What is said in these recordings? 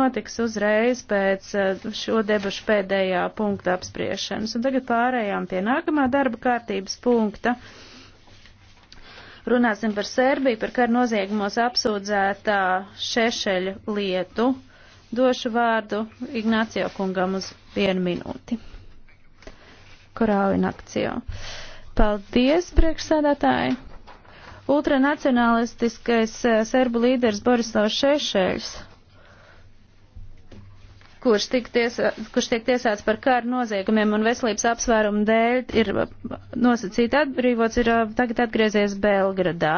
notiks uzreiz pēc eh, šo debašu pēdējā punkta apspriešanas. Un tagad pārējām pie nākamā darba kārtības punkta. Runāsim par Serbiju, par kar noziegumos apsūdzētā šešeļu lietu. Došu vārdu Ignācijo kungam uz vienu minūti. Korāvinakcijo. Paldies, priekšsēdētāji! Ultranacionalistiskais eh, serbu līderis Borislavs Šešeļs kurš, tiesa, kurš tiek tiesāts par kara noziegumiem un veselības apsvērumu dēļ ir nosacīti atbrīvots, ir tagad atgriezies Belgradā.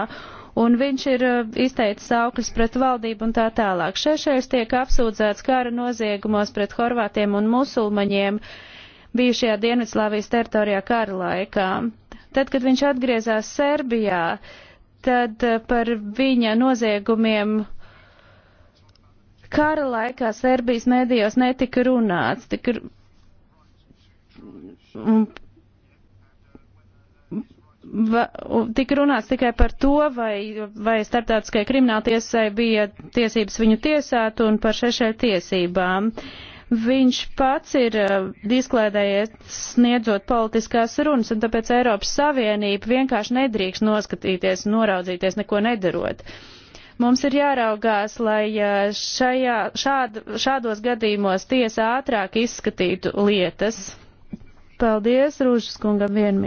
Un viņš ir izteicis sauklis pret valdību un tā tālāk. Šešais tiek apsūdzēts kara noziegumos pret horvātiem un musulmaņiem bijušajā Dienvidslāvijas teritorijā kara laikā. Tad, kad viņš atgriezās Serbijā, tad par viņa noziegumiem uh, Kara laikā Serbijas mēdījos netika runāts, tika tika runāts tikai par to, vai, vai starptautiskajai krimināltiesai bija tiesības viņu tiesāt un par šešai tiesībām. Viņš pats ir uh, disklēdējies sniedzot politiskās runas, un tāpēc Eiropas Savienība vienkārši nedrīkst noskatīties, noraudzīties, neko nedarot. Uh, Mums ir jāraugās, lai šajā, šād, šādos gadījumos tiesa ātrāk izskatītu lietas. Paldies, Rūžas kungam, vien,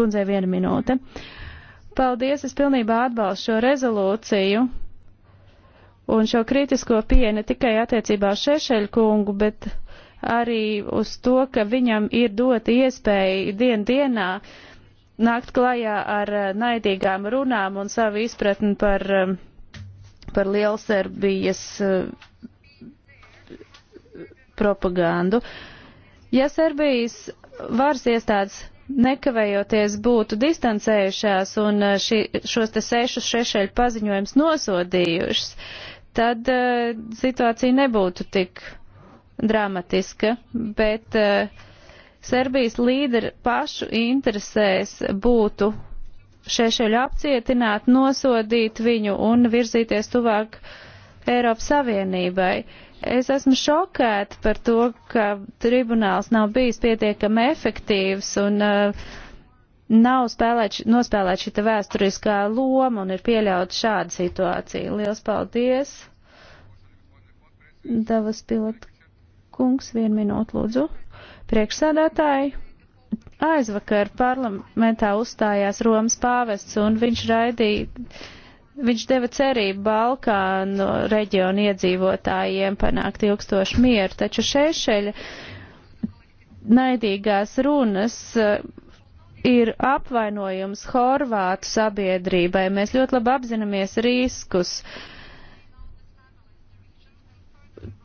kundzei viena minūte. Paldies, es pilnībā atbalstu šo rezolūciju un šo kritisko pieeju ne tikai attiecībā uz Šešeļu kungu, bet arī uz to, ka viņam ir dota iespēja dien dienā nākt klajā ar naidīgām runām un savu izpratni par um, par Lielserbijas eh, propagandu. Ja Serbijas varas iestādes nekavējoties būtu distancējušās un eh, ši, šos te sešus šešeļu paziņojums nosodījušas, tad uh, situācija nebūtu tik dramatiska, bet uh, Serbijas līderi pašu interesēs būtu šešeļu apcietināt, nosodīt viņu un virzīties tuvāk Eiropas Savienībai. Es esmu šokēta par to, ka tribunāls nav bijis pietiekami efektīvs un uh, nav spēlēt, nospēlēt šita vēsturiskā loma un ir pieļauta šāda situācija. Liels paldies! Davas pilot kungs, vienu minūtu lūdzu. Priekšsēdētāji! aizvakar parlamentā uzstājās Romas pāvests, un viņš raidīja, viņš deva cerību Balkānu reģionu iedzīvotājiem panākt ilgstošu mieru, taču šešeļa naidīgās runas eh, ir apvainojums Horvātu sabiedrībai. Mēs ļoti labi apzināmies riskus. Uh,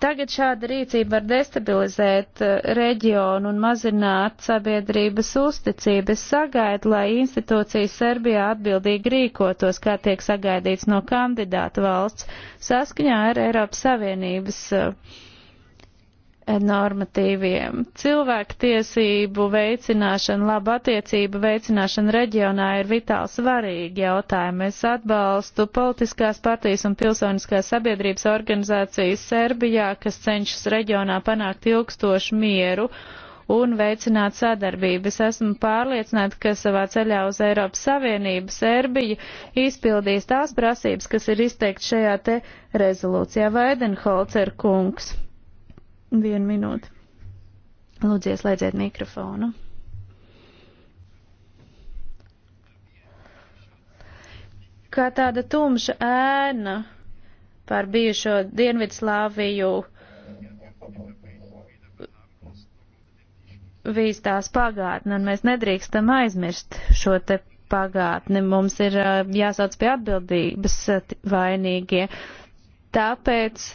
Tagad šāda rīcība var destabilizēt eh, reģionu un mazināt sabiedrības uzticību. Es sagaidu, lai institūcijas Serbijā atbildīgi rīkotos, kā tiek sagaidīts no kandidāta valsts, saskaņā ar Eiropas Savienības uh, normatīviem. Cilvēktiesību veicināšana, laba attiecība veicināšana reģionā ir vitāli svarīgi jautājumi. Es atbalstu politiskās partijas un pilsoniskās sabiedrības organizācijas Serbijā, kas cenšas reģionā panākt ilgstošu mieru un veicināt sadarbību. Es esmu pārliecināta, ka savā ceļā uz Eiropas Savienību Serbija izpildīs tās prasības, kas ir izteikts šajā te rezolūcijā. Vaidenholcer kungs. Vienu minūti. Lūdzu, ieslēdziet mikrofonu. Kā tāda tumša ēna par bijušo Dienvidslāviju vīstās pagātne, un mēs nedrīkstam aizmirst šo te pagātni. Mums ir jāsauc pie atbildības vainīgie. Tāpēc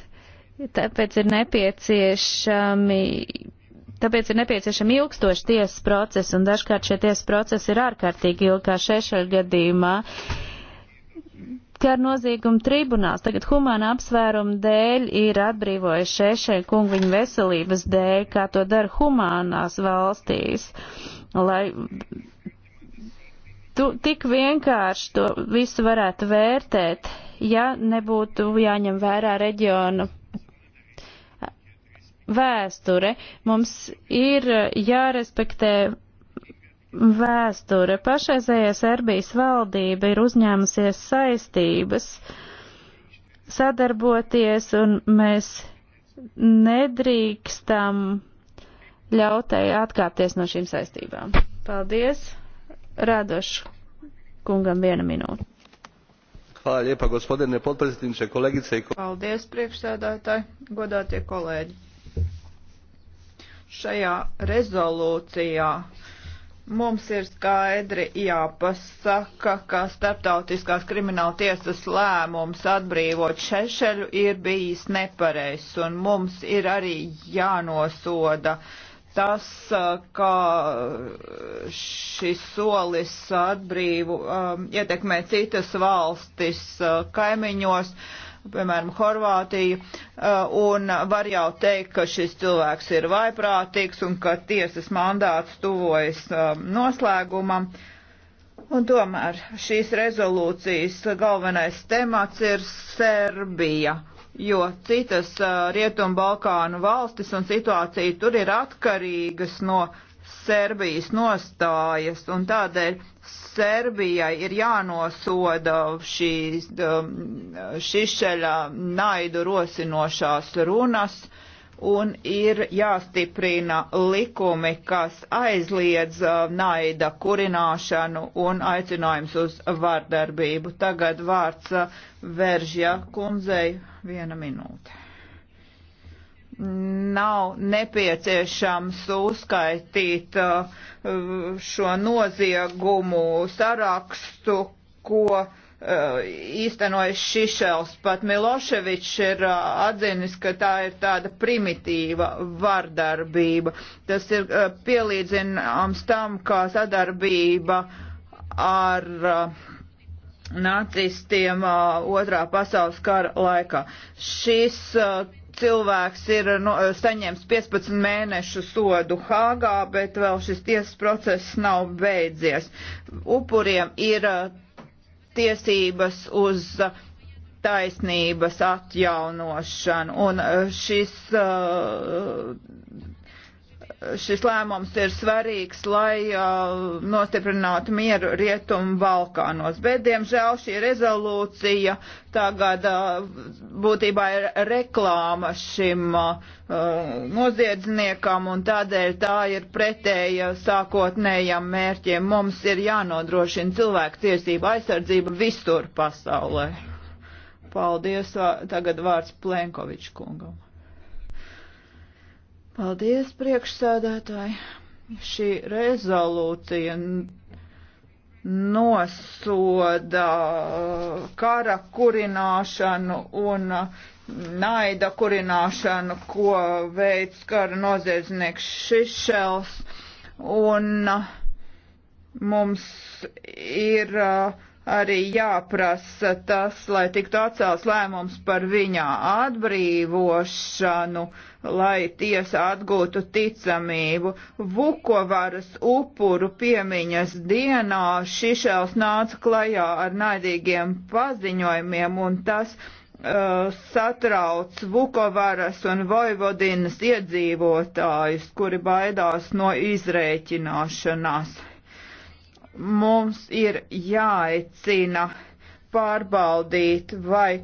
Tāpēc ir nepieciešami. Tāpēc ir nepieciešama ilgstoša tiesas procesa, un dažkārt šie tiesas procesi ir ārkārtīgi ilgi, kā šešā gadījumā. Kar nozieguma tribunāls tagad humāna apsvērumu dēļ ir atbrīvojis šešai kungu viņa veselības dēļ, kā to dara humānās valstīs, lai tu, tik vienkārši to visu varētu vērtēt, ja nebūtu jāņem vērā reģionu vēsture. Mums ir jārespektē vēsture. Pašreizējā Serbijas valdība ir uzņēmusies saistības sadarboties, un mēs nedrīkstam ļautai atkāpties no šīm saistībām. Paldies! Radošu kungam viena minūte. Hvala lijepa gospodine potpredsjedniče, kolegice i kolege. Paldies priekšsēdētāji, godātie kolēģi šajā rezolūcijā mums ir skaidri jāpasaka, ka starptautiskās krimināla tiesas lēmums atbrīvot šešeļu ir bijis nepareizs, un mums ir arī jānosoda tas, uh, kā šis solis atbrīvu um, ietekmē citas valstis uh, kaimiņos. Uh, piemēram, Horvātiju, uh, un var jau teikt, ka šis cilvēks ir vaiprātīgs un ka tiesas mandāts tuvojas um, noslēgumam. Un tomēr šīs rezolūcijas galvenais temats ir Serbija, jo citas uh, Rietumbalkānu valstis un situācija tur ir atkarīgas no Serbijas nostājas, un tādēļ Serbijai ir jānosoda šīs um, šišeļa naidu rosinošās runas, un ir jāstiprina likumi, kas aizliedz uh, naida kurināšanu un aicinājums uz vardarbību. Tagad vārds uh, Veržja kundzei viena minūte nav nepieciešams uzskaitīt uh, šo noziegumu sarakstu, ko uh, īstenojas Šišels. Pat Miloševičs ir uh, atzinis, ka tā ir tāda primitīva vardarbība. Tas ir pielīdzināms tam, kā sadarbība ar nacistiem otrā pasaules kara laikā. Šis cilvēks ir no, saņēmis 15 mēnešu sodu Hāgā, bet vēl šis tiesas process nav beidzies. Upuriem ir uh, tiesības uz uh, taisnības atjaunošanu, un uh, šis uh, šis lēmums ir svarīgs, lai uh, nostiprinātu mieru Rietumu Balkānos. Bet, diemžēl, šī rezolūcija tagad uh, būtībā ir reklāma šim uh, noziedzniekam, un tādēļ tā ir pretēja sākotnējam mērķiem. Mums ir jānodrošina cilvēku tiesību aizsardzība visur pasaulē. Paldies, tagad vārds Plenkovičs kungam. Paldies, priekšsēdētāji. Šī rezolūcija nosoda kara kurināšanu un naida kurināšanu, ko veids kara noziedznieks Šišels. Un mums ir arī jāprasa tas, lai tiktu atcelts lēmums par viņā atbrīvošanu. Uh, lai tiesa atgūtu ticamību. Vukovaras upuru piemiņas dienā Šišels nāca klajā ar naidīgiem paziņojumiem un tas uh, satrauc Vukovaras un Vojvodinas iedzīvotājus, kuri baidās no izrēķināšanās. Mums ir jāicina pārbaudīt, vai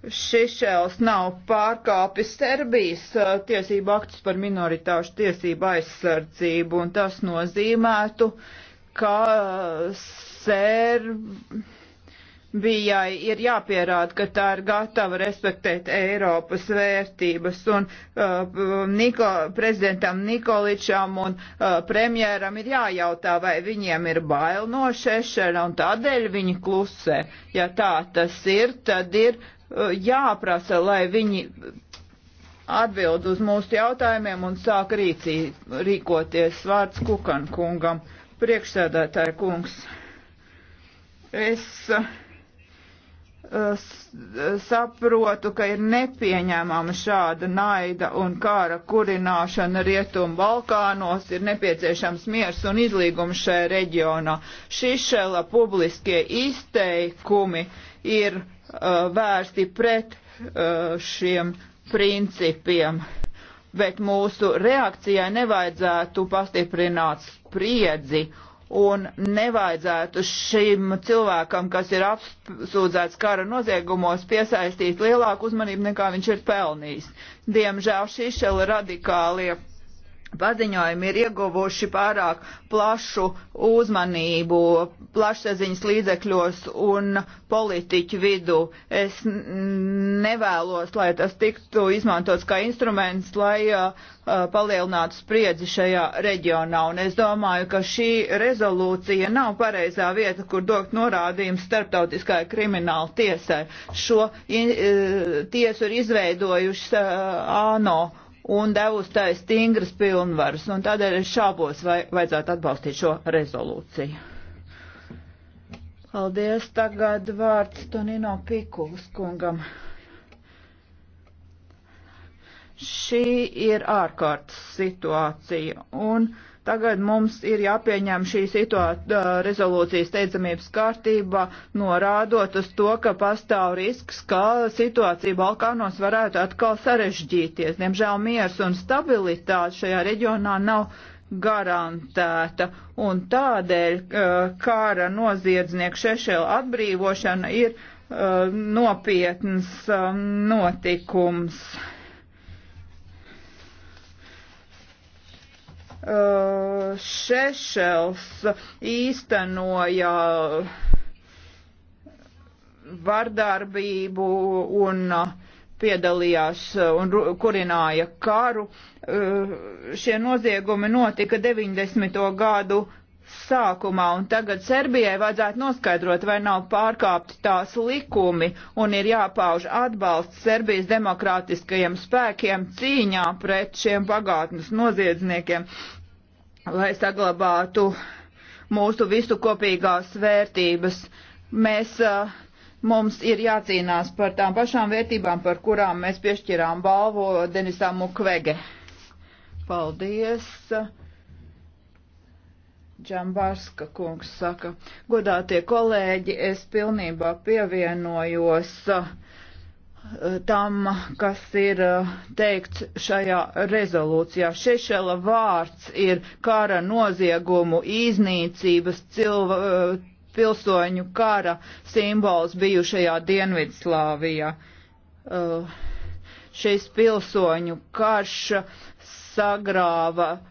Šišels nav pārkāpis Serbijas uh, tiesību aktus par minoritāšu tiesību aizsardzību, un tas nozīmētu, ka uh, Serbijai ir jāpierāda, ka tā ir gatava respektēt Eiropas vērtības, un uh, Niko, prezidentam Nikoličam un uh, premjēram ir jājautā, vai viņiem ir bail no šešana, un tādēļ viņi klusē. Ja tā tas ir, tad ir jāprasa, lai viņi atbild uz mūsu jautājumiem un sāk rīcī, rīkoties vārds Kukan kungam. Priekšsēdētāja kungs, es uh, saprotu, ka ir nepieņēmama šāda naida un kāra kurināšana Rietumu Balkānos, ir nepieciešams miers un izlīgums šajā reģionā. Šišela publiskie izteikumi ir uh, vērsti pret uh, šiem principiem, bet mūsu reakcijai nevajadzētu pastiprināt spriedzi un nevajadzētu šim cilvēkam, kas ir apsūdzēts kara noziegumos, piesaistīt lielāku uzmanību nekā viņš ir pelnījis. Diemžēl šī šela radikālie paziņojumi ir ieguvuši pārāk plašu uzmanību plašsaziņas līdzekļos un politiķu vidu. Es nevēlos, lai tas tiktu izmantots kā instruments, lai uh, uh, palielinātu spriedzi šajā reģionā. Un es domāju, ka šī rezolūcija nav pareizā vieta, kur dot norādījumu starptautiskai krimināla tiesai. Šo in, uh, tiesu ir izveidojuši uh, ANO un devusi tai stingras pilnvaras, un tādēļ es šābos, vai vajadzētu atbalstīt šo rezolūciju. Paldies, tagad vārds Tonino Pikulas kungam. Šī ir ārkārtas situācija, un Tagad mums ir jāpieņem šī situācija rezolūcijas steidzamības kārtībā, norādot uz to, ka pastāv risks, ka situācija Balkānos varētu atkal sarežģīties. Diemžēl miers un stabilitāte šajā reģionā nav garantēta, un tādēļ kara noziedznieku šešēla atbrīvošana ir nopietns notikums. Uh, Šešels īstenoja vardarbību un piedalījās un kurināja karu. Uh, šie noziegumi notika 90. gadu sākumā, un tagad Serbijai vajadzētu noskaidrot, vai nav pārkāpti tās likumi, un ir jāpauž atbalsts Serbijas demokrātiskajiem spēkiem cīņā pret šiem pagātnes noziedzniekiem, lai saglabātu mūsu visu kopīgās vērtības. Mēs, uh, mums ir jācīnās par tām pašām vērtībām, par kurām mēs piešķirām balvu Denisam Mukvege. Paldies! Džambārska kungs saka, godātie kolēģi, es pilnībā pievienojos eh, tam, kas ir eh, teikts šajā rezolūcijā. Šešela vārds ir kara noziegumu, iznīcības, cilva, eh, pilsoņu kara simbols bijušajā Dienvidslāvijā. Uh, šis pilsoņu karš sagrāva uh,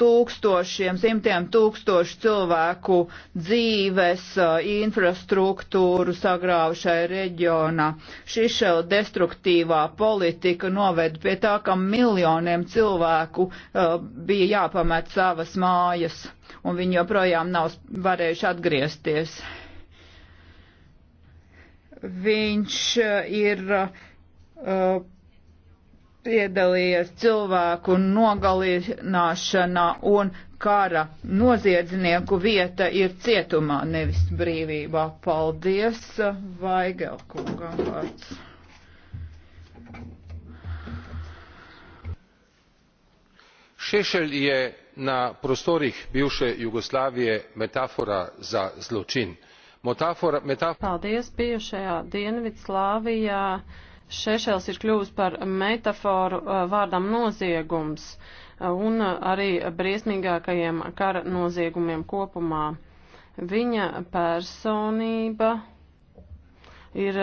tūkstošiem, simtiem tūkstošu cilvēku dzīves infrastruktūru sagrāvušai reģionā. Šī šau destruktīvā politika noved pie tā, ka miljoniem cilvēku bija jāpamet savas mājas, un viņi joprojām nav varējuši atgriezties. Viņš ir uh, piedalījies cilvēku nogalināšanā un kara noziedznieku vieta ir cietumā, nevis brīvībā. Paldies Vaigelkungam vārds. šešelj je na prostorih bivše jugoslavije metafora za zločin. Metafora, metafora... Paldies, bijušajā Dienvidslāvijā Šešels ir kļuvis par metaforu uh, vārdam noziegums uh, un uh, arī briesmīgākajiem kara noziegumiem kopumā. Viņa personība ir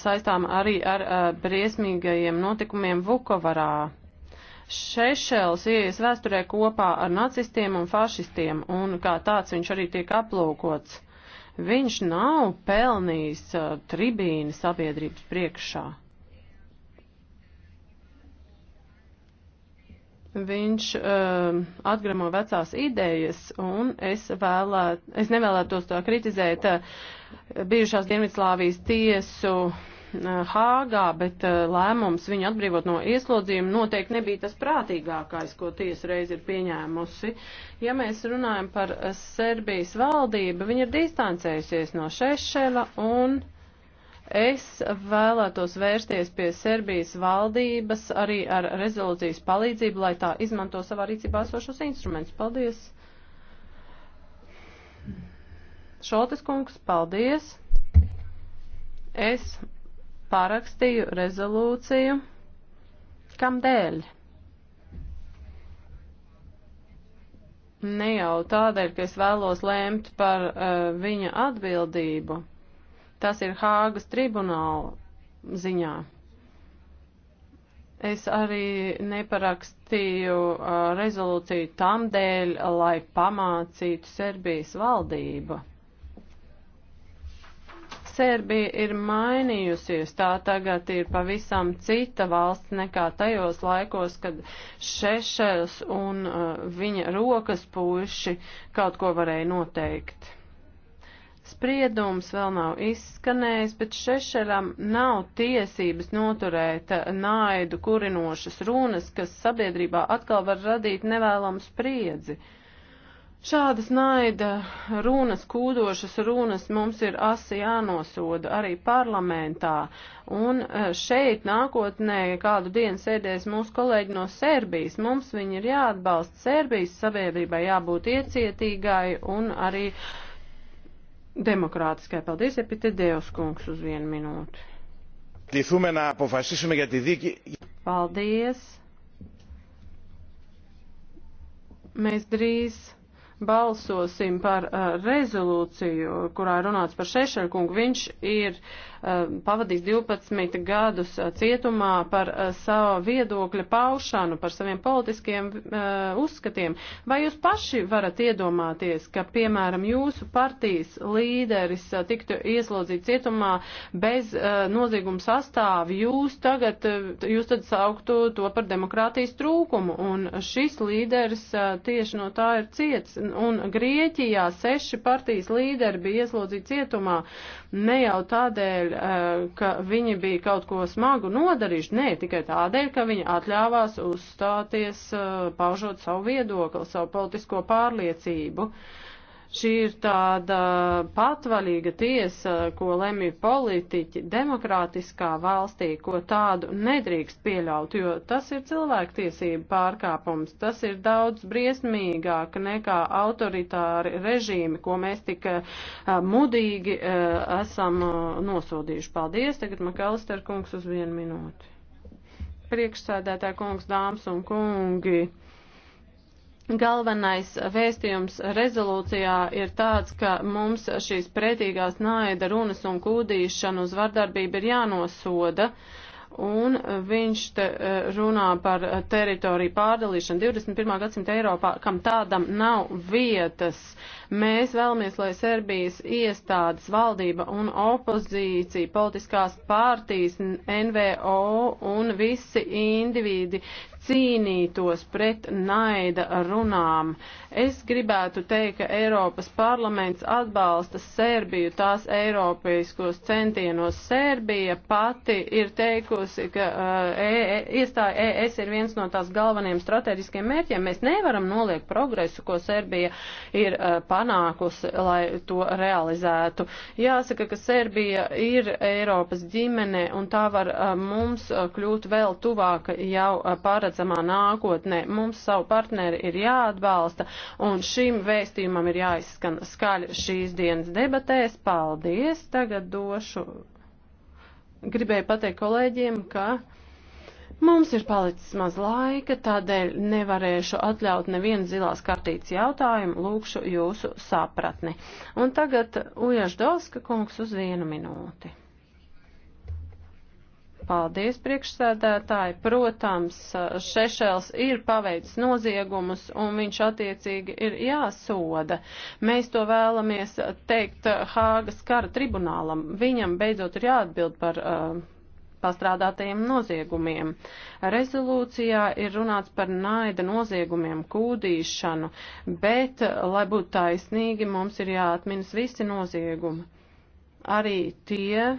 saistām arī ar briesmīgajiem notikumiem Vukovarā. Šešels ieejas vēsturē kopā ar nacistiem un fašistiem, un kā tāds viņš arī tiek aplūkots. Viņš nav pelnījis tribīni sabiedrības priekšā. viņš uh, atgramo vecās idejas, un es, vēlēt, es nevēlētos to kritizēt uh, bijušās Dienvidslāvijas tiesu uh, Hāgā, bet uh, lēmums viņu atbrīvot no ieslodzījuma noteikti nebija tas prātīgākais, ko tiesa reiz ir pieņēmusi. Ja mēs runājam par Serbijas valdību, viņa ir distancējusies no Šešela un Es vēlētos vērsties pie Serbijas valdības arī ar rezolūcijas palīdzību, lai tā izmanto savā rīcībā esošos instrumentus. Paldies! Šoltes kungs, paldies! Es pārakstīju rezolūciju. Kam dēļ? Ne jau tādēļ, ka es vēlos lēmt par uh, viņa atbildību. Tas ir Hāgas tribunāla ziņā. Es arī neparakstīju uh, rezolūciju tam dēļ, lai pamācītu Serbijas valdību. Serbija ir mainījusies, tā tagad ir pavisam cita valsts nekā tajos laikos, kad Šešels un uh, viņa rokas puiši kaut ko varēja noteikt. Spriedums vēl nav izskanējis, bet Šešeram nav tiesības noturēt naidu kurinošas runas, kas sabiedrībā atkal var radīt nevēlamu spriedzi. Šādas naida runas, kūdošas runas mums ir asi jānosoda arī parlamentā. Un e, šeit nākotnē kādu dienu sēdēs mūsu kolēģi no Serbijas. Mums viņi ir jāatbalsta Serbijas sabiedrībai, jābūt iecietīgai un arī uh, demokrātiskai. Paldies, Epitēdējos kungs, uz vienu minūti. Paldies. Mēs drīz balsosim par uh, rezolūciju, kurā runāts par Šešeļu kungu. Viņš ir uh, pavadījis 12 gadus uh, cietumā par uh, savu viedokļa paušanu, par saviem politiskiem uh, uzskatiem. Vai jūs paši varat iedomāties, ka, piemēram, jūsu partijas līderis uh, tiktu ieslodzīts cietumā bez uh, nozieguma sastāvi, jūs tagad, uh, jūs tad sauktu to par demokrātijas trūkumu, un šis līderis uh, tieši no tā ir ciets un Grieķijā seši partijas līderi bija ieslodzīti cietumā ne jau tādēļ, eh, ka viņi bija kaut ko smagu nodarījuši, nē, tikai tādēļ, ka viņi atļāvās uzstāties, eh, paužot savu viedokli, savu politisko pārliecību. Uh, Šī ir tāda patvaļīga tiesa, ko lemj politiķi demokrātiskā valstī, ko tādu nedrīkst pieļaut, jo tas ir cilvēktiesība pārkāpums. Tas ir daudz briesmīgāk nekā autoritāri režīmi, ko mēs tik eh, mudīgi eh, esam eh, nosodījuši. Paldies, tagad Makalister kungs uz vienu minūti. Priekšsēdētāja kungs, dāmas un kungi. Galvenais vēstījums rezolūcijā ir tāds, ka mums šīs pretīgās naida runas un kūdīšana uz vardarbību ir jānosoda un viņš te e, runā par teritoriju pārdalīšanu 21. gadsimta Eiropā, kam tādam nav vietas. Mēs vēlamies, lai Serbijas iestādes, valdība un opozīcija, politiskās partijas, NVO un visi individi, cīnītos pret naida runām. Es gribētu teikt, ka Eiropas parlaments atbalsta Serbiju tās eiropeiskos centienos. Serbija pati ir teikusi, ka uh, e, e iestāja e, ES ir viens no tās galvenajiem strateģiskiem mērķiem. Mēs nevaram noliegt progresu, ko Serbija ir uh, panākusi, lai to realizētu. Jāsaka, ka Serbija ir Eiropas ģimene un tā var uh, mums uh, kļūt vēl tuvāka jau uh, paredzēta paredzamā nākotnē. Mums savu partneri ir jāatbalsta, un šim vēstījumam ir jāizskan skaļi šīs dienas debatēs. Paldies! Tagad došu. Gribēju pateikt kolēģiem, ka. Mums ir palicis maz laika, tādēļ nevarēšu atļaut nevienu zilās kartītes jautājumu, lūkšu jūsu sapratni. Un tagad Ujaždovska kungs uz vienu minūti. Paldies, priekšsēdētāji. Protams, Šešels ir paveicis noziegumus un viņš attiecīgi ir jāsoda. Mēs to vēlamies teikt Hāgas kara tribunālam. Viņam beidzot ir jāatbild par uh, pastrādātajiem noziegumiem. Rezolūcijā ir runāts par naida noziegumiem, kūdīšanu, bet, lai būtu taisnīgi, mums ir jāatminas visi noziegumi. Arī tie,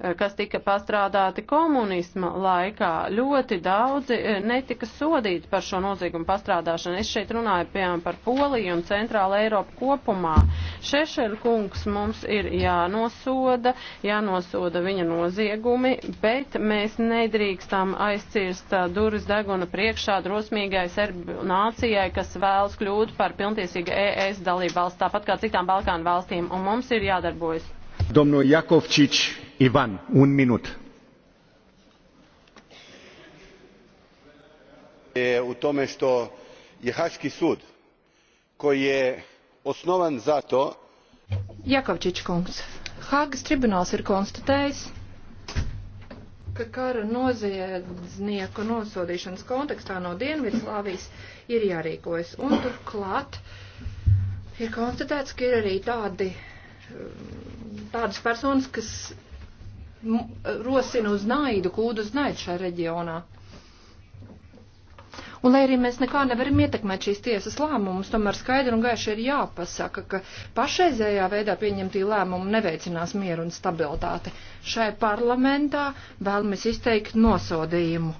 Eh, kas tika pastrādāti komunisma laikā. Ļoti daudzi eh, netika sodīti par šo noziegumu pastrādāšanu. Es šeit runāju, piemēram, par Poliju un Centrālu Eiropu kopumā. Šešeļu kungs mums ir jānosoda, jānosoda viņa noziegumi, bet mēs nedrīkstam aizcirst eh, durvis deguna priekšā drosmīgai serbu nācijai, kas vēlas kļūt par pilntiesīgu ES dalību valsts, tāpat kā citām Balkānu valstīm, un mums ir jādarbojas Domnul Jakovčić Ivan, un minut. je u tome što je haški sud koji je osnovan zato Jakovčić kungs, Hāgas tribunāls ir konstatējis, ka kara noziedznieku nosodīšanas kontekstā no Dienvidslāvijas ir jārīkojas. Un turklāt ir konstatēts, ka ir arī tādi tādas personas, kas rosina uz naidu, kūdu uz naidu šajā reģionā. Un, lai arī mēs nekā nevaram ietekmēt šīs tiesas lēmumus, tomēr skaidri un gaiši ir jāpasaka, ka pašreizējā veidā pieņemtī lēmumi neveicinās mieru un stabilitāti. Šai parlamentā vēlamies izteikt nosodījumu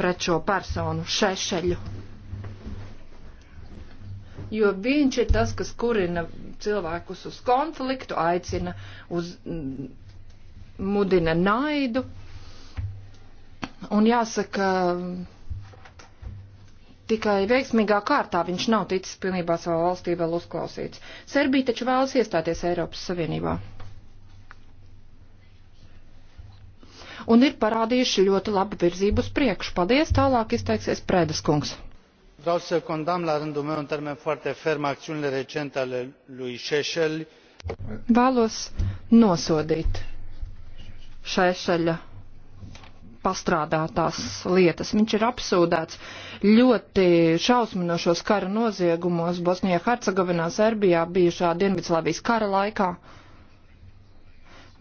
pret šo personu šešeļu jo viņš ir tas, kas kurina cilvēkus uz konfliktu, aicina uz, mm, mudina naidu. Un jāsaka, tikai veiksmīgā kārtā viņš nav ticis pilnībā savā valstī vēl uzklausīts. Serbija taču vēlas iestāties Eiropas Savienībā. Un ir parādījuši ļoti labu virzību uz priekšu. Paldies, tālāk izteiksies Prēdas kungs vreau să condamn la rândul meu în termeni foarte fermi acțiunile recente ale lui seychelles Vēlos nosodīt Šešeļa pastrādātās lietas. Viņš ir apsūdēts ļoti šausminošos kara noziegumos Bosnijā, Hercegovinā, Serbijā, bijušā Dienvidslāvijas kara laikā. Uh,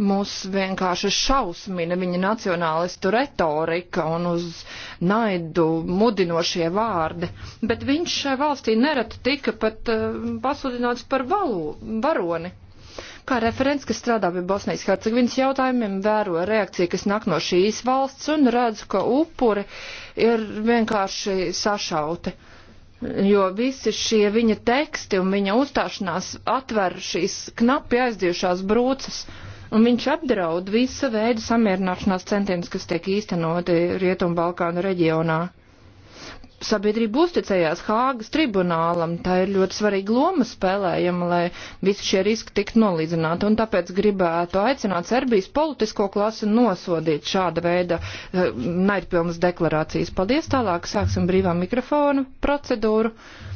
mūs vienkārši šausmina viņa nacionālistu retorika un uz naidu mudinošie vārdi, bet viņš šai valstī nereti tika pat uh, pasludināts par valū, varoni. Kā referents, kas strādā pie Bosnijas Hercegovinas jautājumiem, vēro reakciju, kas nāk no šīs valsts un redz, ka upuri ir vienkārši sašauti jo visi šie viņa teksti un viņa uzstāšanās atver šīs knapi aizdiešās brūces. Uh, un viņš apdraud visu veidu samierināšanās centienus, kas tiek īstenoti Rietumbalkānu reģionā. Sabiedrība uzticējās Hāgas tribunālam, tā ir ļoti svarīga loma spēlējama, lai visi šie riski tiktu nolīdzināti, un tāpēc gribētu aicināt Serbijas politisko klasi nosodīt šāda veida eh, naidpilnas deklarācijas. Paldies, tālāk sāksim brīvā mikrofonu procedūru. Uh,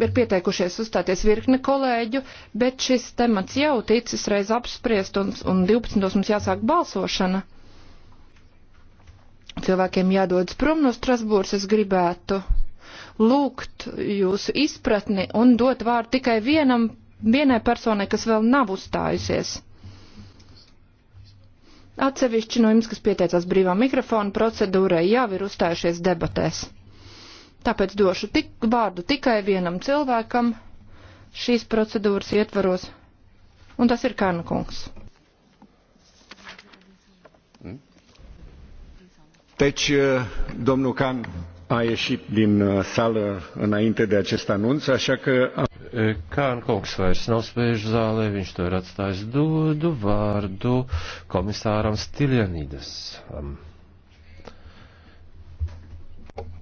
ir pieteikušies uzstāties virkni kolēģu, bet šis temats jau ticis reiz apspriest un, un 12. mums jāsāk balsošana. Cilvēkiem jādodas prom no Strasbūras, es gribētu lūgt jūsu izpratni un dot vārdu tikai vienam, vienai personai, kas vēl nav uzstājusies. Atsevišķi no jums, kas pieteicās brīvā mikrofona procedūrai, jau ir uzstājušies debatēs. Tāpēc došu tik, vārdu tikai vienam cilvēkam šīs procedūras ietvaros, un tas ir Kārna kungs. Hmm? Deci, domnul Can a ieșit din uh, sală înainte de acest anunț, așa că... Kāna e, kungs vairs nav spēļu zālē, viņš to ir atstājis dodu vārdu komisāram Stiljanīdesam.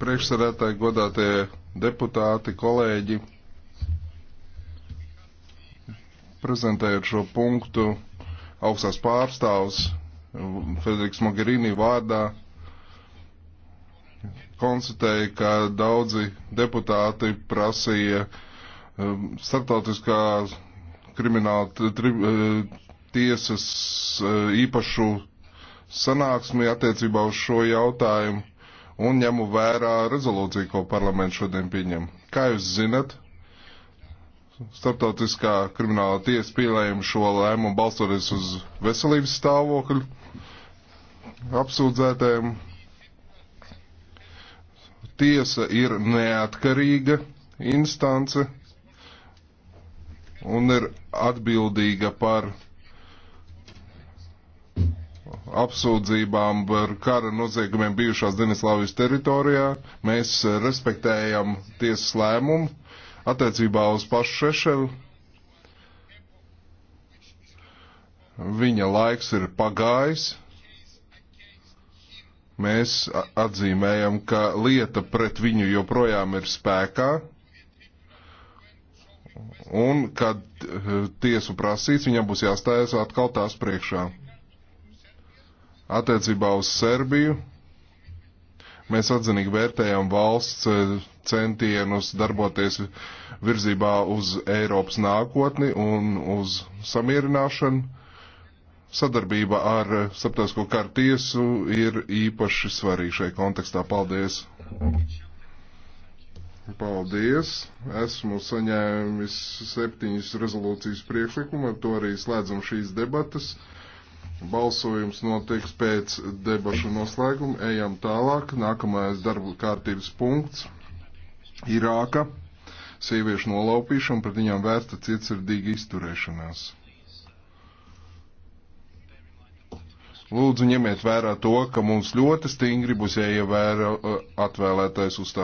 Priekšsēdētāji, godātie deputāti, kolēģi, prezentējot šo punktu augstās pārstāvs Federiks Mogherini vārdā, konstatēja, ka daudzi deputāti prasīja um, starptautiskā krimināla tri, uh, tiesas uh, īpašu sanāksmi attiecībā uz šo jautājumu un ņemu vērā rezolūciju, ko parlaments šodien pieņem. Kā jūs zinat, starptautiskā krimināla tiesa pieļēma šo lēmumu balstoties uz veselības stāvokļu apsūdzētēm. Tiesa ir neatkarīga instance un ir atbildīga par apsūdzībām par kara noziegumiem bijušās Denislāvijas teritorijā. Mēs eh, respektējam tiesas lēmumu attiecībā uz pašu Šešelu. Viņa laiks ir pagājis. Mēs atzīmējam, ka lieta pret viņu joprojām ir spēkā. Un, kad eh, tiesu prasīts, viņam būs jāstājas atkal tās priekšā. Attiecībā uz Serbiju mēs atzinīgi vērtējam valsts eh, centienus darboties virzībā uz Eiropas nākotni un uz samierināšanu. Sadarbība ar eh, Saptasko kartiesu ir īpaši svarīga šajā kontekstā. Paldies! Paldies! Esmu saņēmis septiņas rezolūcijas priekšlikumu, ar to arī slēdzam šīs debatas. Balsojums notiks pēc debašu noslēguma. Ejam tālāk. Nākamais darba kārtības punkts - Irāka. Sieviešu nolaupīšana pret viņām vērsta cietsirdīga izturēšanās. Lūdzu, ņemiet vērā to, ka mums ļoti stingri būs jāievēra uh, atvēlētais uzstāšanās.